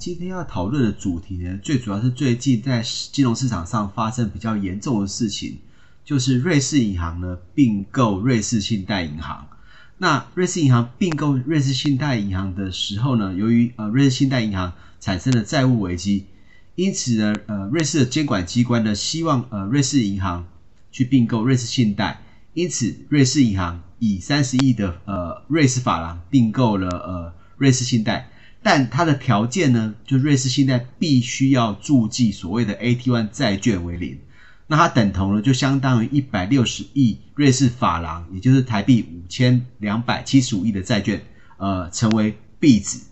今天要討論的主題呢，最主要是最近在金融市場上發生比較嚴重的事情，就是瑞士銀行呢併購瑞士信貸銀行。那瑞士銀行併購瑞士信貸銀行的時候呢，由於呃瑞士信貸銀行產生了債務危機，因此呢呃瑞士的監管機關呢希望呃瑞士銀行去併購瑞士信貸，因此瑞士銀行以三十億的呃瑞士法郎併購了呃瑞士信貸。但它的條件呢，就瑞士信貸必須要注記所謂的 AT1 債券為零，那它等同呢，就相當於一百六十億瑞士法郎，也就是台幣五千兩百七十五億的債券，呃，成為壁紙。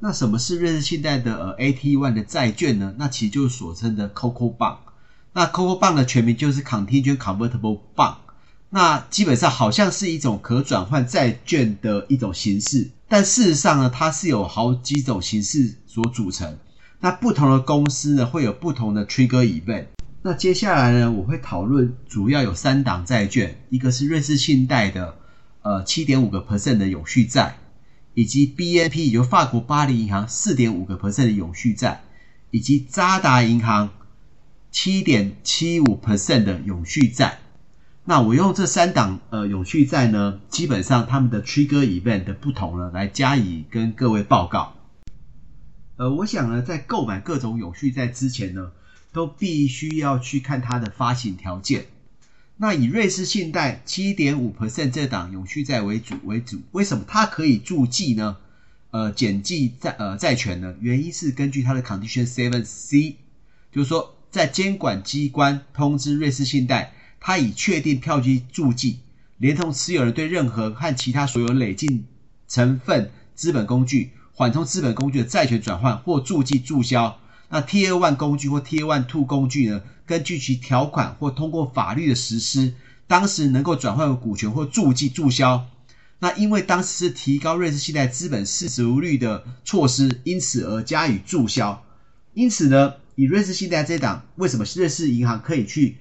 那什麼是瑞士信貸的呃 AT1 的債券呢？那其實就是所稱的 COCO bond。那 COCO bond 的全名就是 Contingent Convertible bond。那基本上好像是一種可轉換債券的一種形式，但事實上呢，它是有好幾種形式所組成。那不同的公司呢，會有不同的 trigger event。那接下來呢，我會討論主要有三檔債券，一個是瑞士信貸的呃七點五個 percent 的永續債，以及 BNP 也就是法國巴黎銀行四點五個 percent 的永續債，以及渣打銀行七點七五 percent 的永續債。那我用這三檔呃永續債呢，基本上他們的 trigger event 的不同呢，來加以跟各位報告。呃，我想呢，在購買各種永續債之前呢，都必須要去看它的發行條件。那以瑞士信貸七點五 percent 這檔永續債為主為主，為什麼它可以注記呢？呃，減記債呃債權呢？原因是根據它的 condition seven c，就是說在監管機關通知瑞士信貸。它已確定票據注記，連同持有人對任何和其他所有累進成分資本工具、緩衝資本工具的債權轉換或注記注銷。那 T 二萬工具或 T 二萬 two 工具呢？根據其條款或通過法律的實施，當時能夠轉換為股權或注記注銷。那因為當時是提高瑞士信貸資本適足率的措施，因此而加以注銷。因此呢，以瑞士信貸這檔，為什麼瑞士銀行可以去？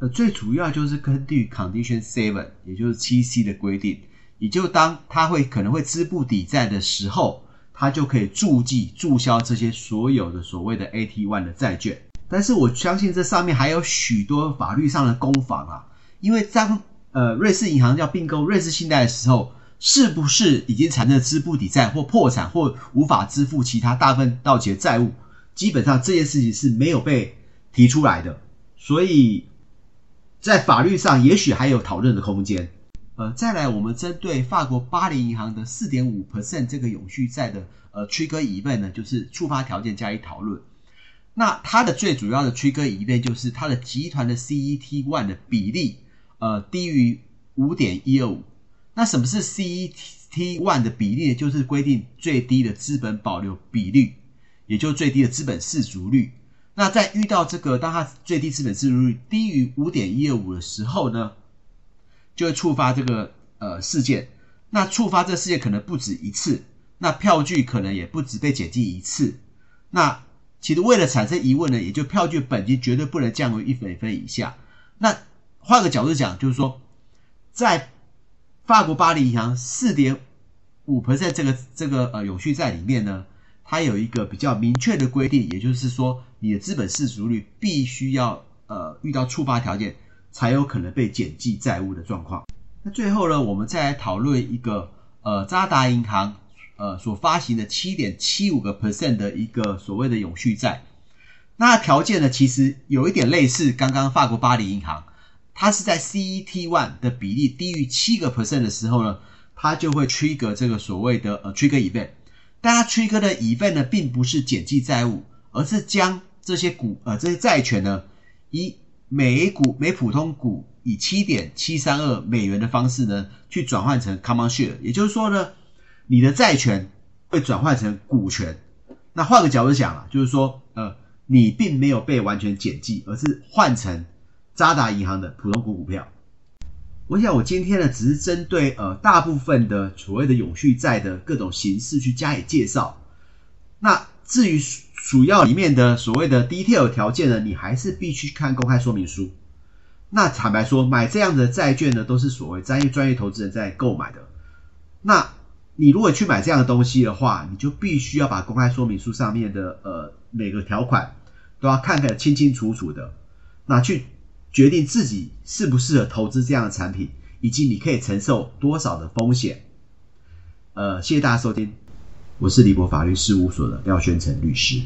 呃，最主要就是根據 Condition Seven，也就是七 C 的規定，也就當它會可能會資不抵債的時候，它就可以注記注銷這些所有的所謂的 AT One 的債券。但是我相信這上面還有許多法律上的攻防啊，因為當呃瑞士銀行要併購瑞士信貸的時候，是不是已經產生了資不抵債或破產或無法支付其他大部分到期債務？基本上這件事情是沒有被提出來的，所以。在法律上，也許還有討論的空間。呃，再來，我們針對法國巴黎銀行的四點五 percent 這個永續債的呃，trigger event 呢，就是觸發條件加以討論。那它的最主要的 trigger event 就是它的集團的 CET1 的比例呃低於五點一二五。那什麼是 CET1 的比例呢？就是規定最低的資本保留比率，也就最低的資本適足率。那在遇到這個，當它最低資本比率低於五點一二五的時候呢，就會觸發這個呃事件。那觸發這事件可能不止一次，那票據可能也不止被減記一次。那其實為了產生疑問呢，也就票據本金絕對不能降為一分一分以下。那換個角度講，就是說，在法國巴黎銀行四點五 percent 這個這個呃永續債裡面呢。它有一個比較明確的規定，也就是說，你的資本適足率必須要呃遇到觸發條件，才有可能被減記債務的狀況。那最後呢，我們再來討論一個呃渣打銀行呃所發行的七點七五個 percent 的一個所謂的永續債，那條件呢其實有一點類似剛剛法國巴黎銀行，它是在 CET one 的比例低於七個 percent 的時候呢，它就會 trigger 這個所謂的呃 trigger event。但它 trigger 的 event 呢，並不是減記債務，而是將這些股呃這些債權呢，以每股每普通股以七點七三二美元的方式呢，去轉換成 common share，也就是說呢，你的債權會轉換成股權。那換個角度想啊，就是說呃，你並沒有被完全減記，而是換成渣打銀行的普通股股票。我想我今天呢，只是針對呃大部分的所謂的永續債的各種形式去加以介紹。那至於主要裡面的所謂的 detail 條件呢，你還是必須看公開說明書。那坦白說，買這樣的債券呢，都是所謂專業專業投資人在購買的。那你如果去買這樣的東西的話，你就必須要把公開說明書上面的呃每個條款都要看得清清楚楚的那去，決定自己適不適合投資這樣的產品，以及你可以承受多少的風險。呃，謝謝大家收聽，我是立博法律事務所的廖宣成律師。